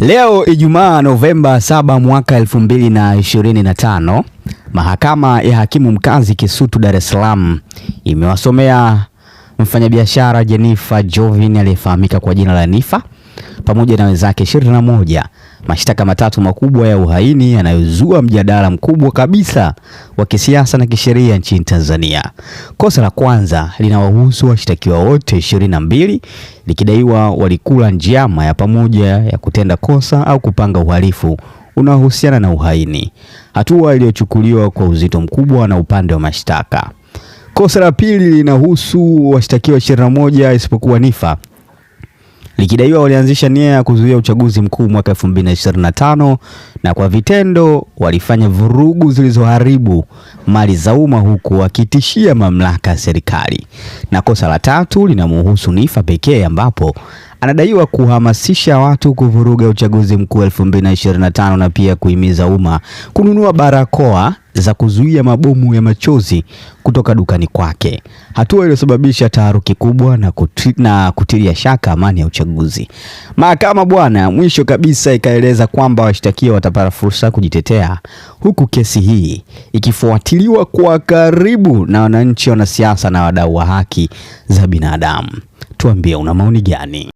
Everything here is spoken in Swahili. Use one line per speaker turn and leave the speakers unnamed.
Leo Ijumaa Novemba 7 mwaka 2025, Mahakama ya Hakimu Mkazi Kisutu Dar es Salaam imewasomea mfanyabiashara Jenifer Jovin aliyefahamika kwa jina la Niffer pamoja na wenzake 21 mashtaka matatu makubwa ya uhaini yanayozua mjadala mkubwa kabisa wa kisiasa na kisheria nchini Tanzania. Kosa la kwanza linawahusu washtakiwa wote 22 likidaiwa walikula njama ya pamoja ya kutenda kosa au kupanga uhalifu unaohusiana na uhaini, hatua iliyochukuliwa kwa uzito mkubwa na upande wa mashtaka. Kosa la pili linahusu washtakiwa 21 isipokuwa Nifa likidaiwa walianzisha nia ya kuzuia uchaguzi mkuu mwaka 2025 na kwa vitendo walifanya vurugu zilizoharibu mali za umma huku wakitishia mamlaka ya serikali. Na kosa la tatu linamhusu Niffer pekee ambapo anadaiwa kuhamasisha watu kuvuruga uchaguzi mkuu 2025 na pia kuhimiza umma kununua barakoa za kuzuia mabomu ya machozi kutoka dukani kwake, hatua iliyosababisha taharuki kubwa na, kutri, na kutilia shaka amani ya uchaguzi. Mahakama bwana, mwisho kabisa ikaeleza kwamba washtakiwa watapata fursa kujitetea, huku kesi hii ikifuatiliwa kwa karibu na wananchi, wanasiasa na wadau wa haki za binadamu. Tuambie, una maoni gani?